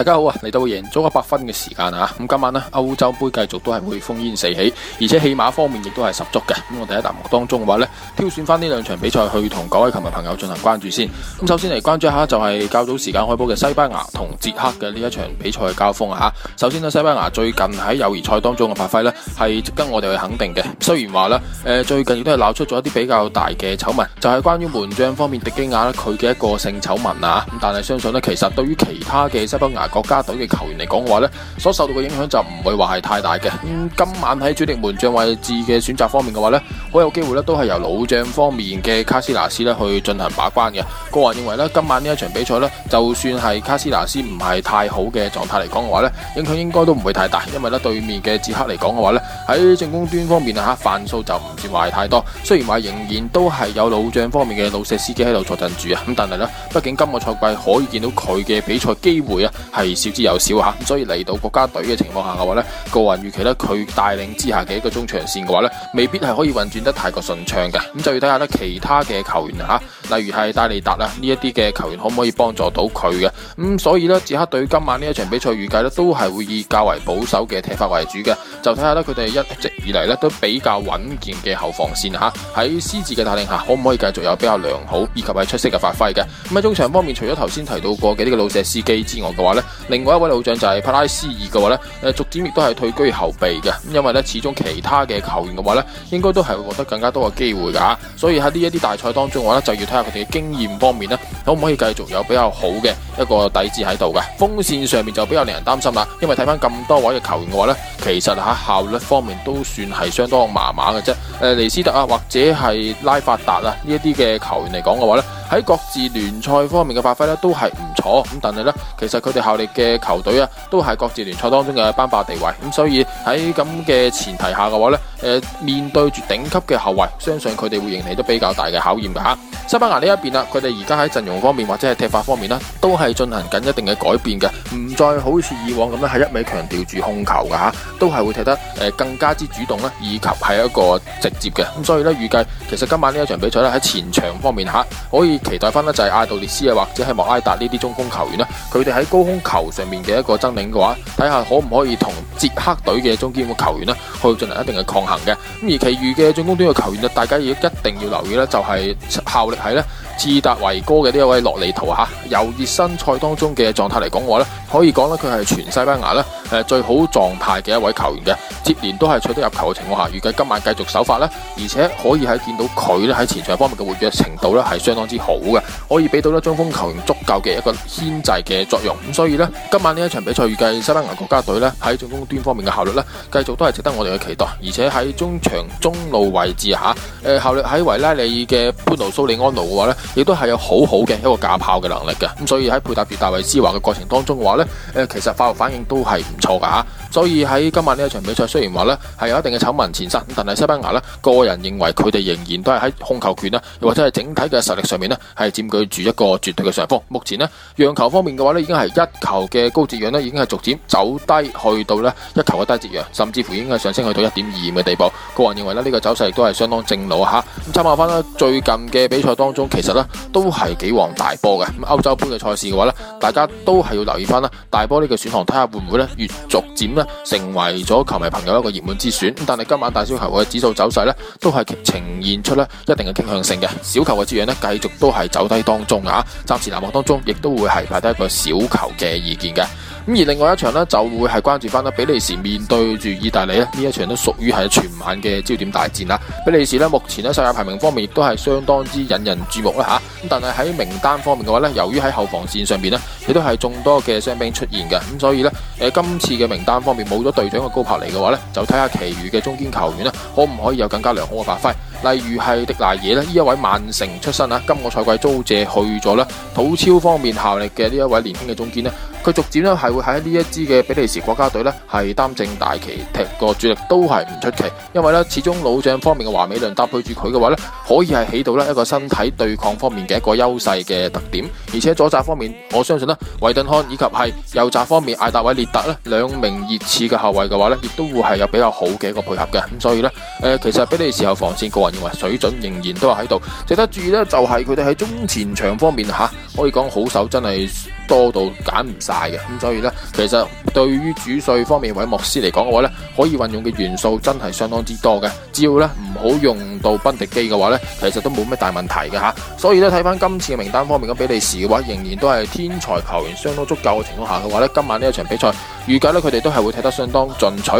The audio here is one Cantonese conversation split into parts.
大家好啊！嚟到贏足一百分嘅時間啊！咁今晚呢，歐洲盃繼續都係會烽煙四起，而且起碼方面亦都係十足嘅。咁我哋喺一啖當中嘅話呢，挑選翻呢兩場比賽去同各位球迷朋友進行關注先。咁首先嚟關注一下，就係較早時間開波嘅西班牙同捷克嘅呢一場比賽嘅交鋒啊！首先呢，西班牙最近喺友誼賽當中嘅發揮呢，係值得我哋去肯定嘅。雖然話呢，誒最近亦都係鬧出咗一啲比較大嘅醜聞，就係關於門將方面迪基亞佢嘅一個性醜聞啊！咁但係相信呢，其實對於其他嘅西班牙。國家隊嘅球員嚟講嘅話呢，所受到嘅影響就唔會話係太大嘅。咁、嗯、今晚喺主力門將位置嘅選擇方面嘅話呢，好有機會呢都係由老將方面嘅卡斯拿斯呢去進行把關嘅。個人認為呢，今晚呢一場比賽呢，就算係卡斯拿斯唔係太好嘅狀態嚟講嘅話呢，影響應該都唔會太大，因為呢，對面嘅捷克嚟講嘅話呢，喺進攻端方面啊，嚇犯數就唔算話係太多。雖然話仍然都係有老將方面嘅老石司機喺度坐鎮住啊，咁但係呢，畢竟今個賽季可以見到佢嘅比賽機會啊。係少之又少吓，所以嚟到國家隊嘅情況下嘅話呢個人預期呢，佢帶領之下嘅一個中場線嘅話呢未必係可以運轉得太過順暢嘅，咁就要睇下呢其他嘅球員吓，例如係戴利達啦呢一啲嘅球員可唔可以幫助到佢嘅，咁所以呢，捷克隊今晚呢一場比賽預計呢，都係會以較為保守嘅踢法為主嘅，就睇下呢，佢哋一直以嚟呢都比較穩健嘅後防線吓，喺獅子嘅帶領下可唔可以繼續有比較良好以及係出色嘅發揮嘅，咁喺中場方面除咗頭先提到過嘅呢個老舍斯基之外嘅話呢另外一位老將就係帕拉斯二嘅話咧，誒，逐漸亦都係退居後備嘅，因為咧始終其他嘅球員嘅話咧，應該都係獲得更加多嘅機會噶，所以喺呢一啲大賽當中嘅話咧，就要睇下佢哋嘅經驗方面咧，可唔可以繼續有比較好嘅一個底子喺度嘅？鋒線上面就比較令人擔心啦，因為睇翻咁多位嘅球員嘅話咧，其實喺效率方面都算係相當麻麻嘅啫。誒，尼斯特啊，或者係拉法達啊呢一啲嘅球員嚟講嘅話咧。喺各自聯賽方面嘅發揮咧，都係唔錯咁。但係咧，其實佢哋效力嘅球隊啊，都係各自聯賽當中嘅班霸地位。咁所以喺咁嘅前提下嘅話咧，誒面對住頂級嘅後衛，相信佢哋會迎嚟都比較大嘅考驗㗎嚇。西班牙呢一邊啊，佢哋而家喺陣容方面或者係踢法方面咧，都係進行緊一定嘅改變嘅，唔再好似以往咁樣係一味強調住控球㗎嚇，都係會踢得誒更加之主動啦，以及係一個直接嘅。咁所以咧，預計其實今晚呢一場比賽咧喺前場方面嚇可以。期待翻呢就係艾杜列斯啊，或者係莫拉達呢啲中鋒球員啦，佢哋喺高空球上面嘅一個爭領嘅話，睇下可唔可以同捷克隊嘅中堅嘅球員呢去進行一定嘅抗衡嘅。咁而其餘嘅進攻端嘅球員呢，大家要一定要留意呢，就係效力係呢智達維哥嘅呢一位洛利圖吓，由熱身賽當中嘅狀態嚟講話呢，可以講呢，佢係全西班牙啦。誒，最好狀態嘅一位球員嘅，接連都係取得入球嘅情況下，預計今晚繼續首發啦，而且可以喺見到佢咧喺前場方面嘅活躍程度咧係相當之好嘅，可以俾到咧中鋒球員足夠嘅一個牽制嘅作用。咁所以呢，今晚呢一場比賽預計西班牙國家隊咧喺進攻端方面嘅效率咧，繼續都係值得我哋嘅期待。而且喺中場中路位置下，效力喺維拉利嘅潘奴蘇利安奴嘅話咧，亦都係有好好嘅一個架炮嘅能力嘅。咁所以喺配搭別大衛斯華嘅過程當中嘅話咧，其實化學反應都係。錯噶吓、啊，所以喺今晚呢一場比賽，雖然話呢係有一定嘅醜聞前身，但係西班牙咧，個人認為佢哋仍然都係喺控球權啦，又或者係整體嘅實力上面呢係佔據住一個絕對嘅上風。目前呢，讓球方面嘅話呢已經係一球嘅高折讓咧，已經係逐漸走低去到呢一球嘅低折讓，甚至乎已經係上升去到一點二嘅地步。個人認為咧，呢、呢個走勢都係相當正路吓。咁、嗯、參考翻啦，最近嘅比賽當中，其實呢都係幾旺大波嘅。咁歐洲杯嘅賽事嘅話呢，大家都係要留意翻啦，大波呢個選項，睇下會唔會咧越逐漸咧成為咗球迷朋友一個熱門之選，但係今晚大小球嘅指數走勢咧，都係呈現出咧一定嘅傾向性嘅，小球嘅資源咧繼續都係走低當中啊，暫時南望當中亦都會係排低一個小球嘅意見嘅。咁而另外一場呢就會係關注翻啦。比利時面對住意大利咧，呢一場都屬於係全晚嘅焦點大戰啦。比利時呢目前呢世界排名方面亦都係相當之引人注目啦，吓，咁但係喺名單方面嘅話呢，由於喺後防線上邊呢亦都係眾多嘅傷兵出現嘅，咁所以呢，誒今次嘅名單方面冇咗隊長嘅高柏尼嘅話呢，就睇下其餘嘅中堅球員呢可唔可以有更加良好嘅發揮？例如係迪拿耶呢一位曼城出身啊，今個賽季租借去咗啦，土超方面效力嘅呢一位年輕嘅中堅呢佢逐漸咧係會喺呢一支嘅比利時國家隊咧係擔正大旗踢過主力都係唔出奇，因為咧始終老將方面嘅華美倫搭配住佢嘅話咧，可以係起到咧一個身體對抗方面嘅一個優勢嘅特點，而且左閘方面我相信呢維頓康以及係右閘方面艾達偉列達咧兩名熱刺嘅後衛嘅話咧，亦都會係有比較好嘅一個配合嘅，咁所以咧，誒、呃、其實比利時後防線個人認為水準仍然都係喺度，值得注意咧就係佢哋喺中前場方面嚇、啊，可以講好手真係。多到揀唔晒嘅，咁所以呢，其實對於主帥方面，韋莫斯嚟講嘅話呢，可以運用嘅元素真係相當之多嘅，只要呢唔好用到賓迪基嘅話呢其實都冇咩大問題嘅吓，所以呢，睇翻今次嘅名單方面咁，比利時嘅話仍然都係天才球員相當足夠嘅情況下嘅話呢今晚呢一場比賽預計呢，佢哋都係會踢得相當進取。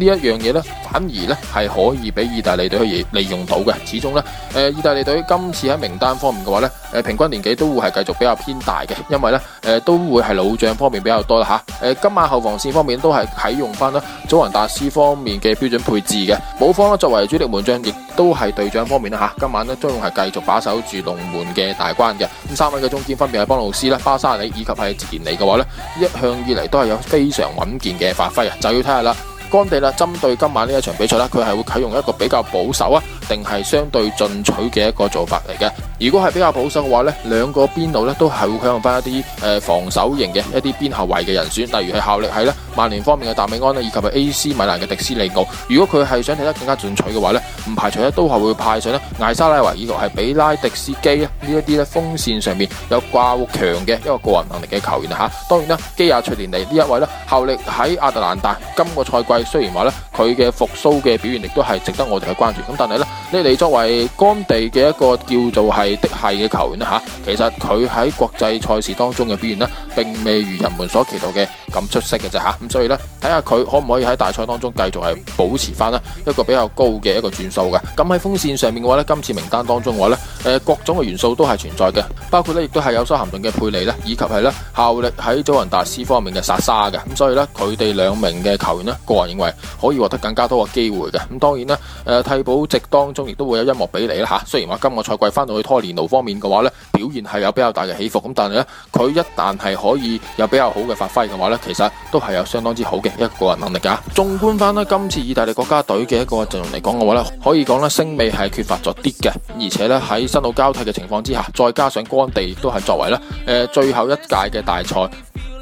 呢一樣嘢咧，反而咧係可以俾意大利隊可以利用到嘅。始終咧，誒，意大利隊今次喺名單方面嘅話咧，誒，平均年紀都會係繼續比較偏大嘅，因為咧，誒，都會係老將方面比較多啦嚇。誒，今晚後防線方面都係啟用翻啦，祖雲達斯方面嘅標準配置嘅。保方作為主力門將，亦都係隊長方面吓。今晚咧將係繼續把守住龍門嘅大關嘅。咁三位嘅中堅分別係邦魯斯啦、巴沙里以及係哲連尼嘅話咧，一向以嚟都係有非常穩健嘅發揮啊，就要睇下啦。乾地啦，針對今晚呢一場比賽啦，佢係會啟用一個比較保守啊，定係相對進取嘅一個做法嚟嘅。如果係比較保守嘅話呢，兩個邊路呢都係會揀用翻一啲誒防守型嘅一啲邊後衞嘅人選，例如係效力喺呢曼聯方面嘅達美安咧，以及係 A.C. 米蘭嘅迪斯利奧。如果佢係想睇得更加進取嘅話呢唔排除咧都係會派上呢艾沙拉維以及係比拉迪斯基呢一啲咧鋒線上面有較強嘅一個個人能力嘅球員嚇。當然啦，基亞崔連嚟呢一位呢效力喺亞特蘭大，今個賽季雖然話呢，佢嘅復蘇嘅表現亦都係值得我哋去關注，咁但係咧。呢嚟作為干地嘅一個叫做係嫡系嘅球員啦嚇，其實佢喺國際賽事當中嘅表現呢，並未如人們所期待嘅咁出色嘅啫嚇，咁所以呢睇下佢可唔可以喺大賽當中繼續係保持翻一個比較高嘅一個轉數嘅，咁喺風扇上面嘅話呢今次名單當中嘅話呢。誒，各種嘅元素都係存在嘅，包括咧，亦都係有所行動嘅佩利咧，以及係咧效力喺祖雲達斯方面嘅薩沙嘅，咁所以咧，佢哋兩名嘅球員呢，個人認為可以獲得更加多嘅機會嘅。咁當然啦，誒替補席當中亦都會有音樂俾你啦吓。雖然話今個賽季翻到去拖連奴方面嘅話咧，表現係有比較大嘅起伏，咁但係咧，佢一旦係可以有比較好嘅發揮嘅話咧，其實都係有相當之好嘅一個人能力嘅。吓，縱觀翻咧今次意大利國家隊嘅一個陣容嚟講嘅話咧，可以講咧聲味係缺乏咗啲嘅，而且咧喺。在新老交替嘅情況之下，再加上干地都係作為啦，誒、呃，最後一屆嘅大賽。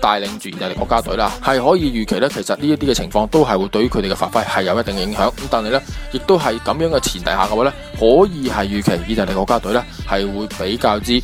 帶領住意大利國家隊啦，係可以預期咧。其實呢一啲嘅情況都係會對於佢哋嘅發揮係有一定嘅影響。咁但係咧，亦都係咁樣嘅前提下嘅話咧，可以係預期意大利國家隊咧係會比較之誒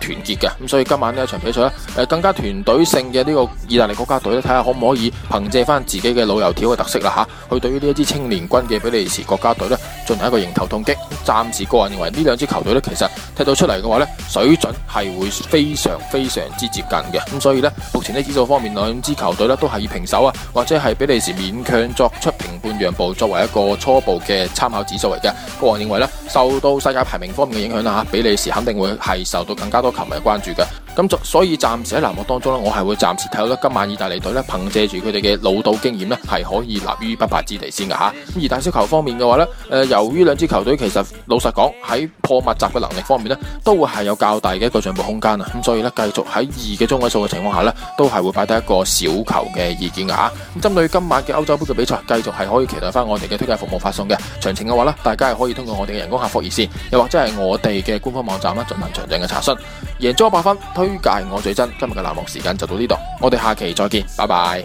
團結嘅。咁所以今晚呢一場比賽咧，誒更加團隊性嘅呢個意大利國家隊咧，睇下可唔可以憑借翻自己嘅老油條嘅特色啦吓、啊，去對於呢一支青年軍嘅比利時國家隊咧進行一個迎頭痛擊。暫時個人認為呢兩支球隊咧，其實踢到出嚟嘅話咧，水準係會非常非常之接近嘅。咁所以咧，目前。指數方面，兩支球隊咧都係以平手啊，或者係比利時勉強作出平半讓步，作為一個初步嘅參考指數嚟嘅。個人認為咧，受到世界排名方面嘅影響啦，哈，比利時肯定會係受到更加多球迷嘅關注嘅。咁所以暫時喺欄目當中我係會暫時睇到今晚意大利隊咧，憑借住佢哋嘅老道經驗呢係可以立於不敗之地先㗎吓。咁而大小球方面嘅話呢誒，由於兩支球隊其實老實講喺破密集嘅能力方面呢都係有較大嘅一個進步空間啊。咁所以呢繼續喺二嘅中位數嘅情況下呢都係會擺低一個小球嘅意見㗎吓。咁針對今晚嘅歐洲杯嘅比賽，繼續係可以期待翻我哋嘅推介服務發送嘅。詳情嘅話呢大家係可以通過我哋嘅人工客服熱線，又或者係我哋嘅官方網站啦，進行詳盡嘅查詢。贏足 100FUN，推介我最真。今日嘅欄目時間就到呢度，我哋下期再見，拜拜。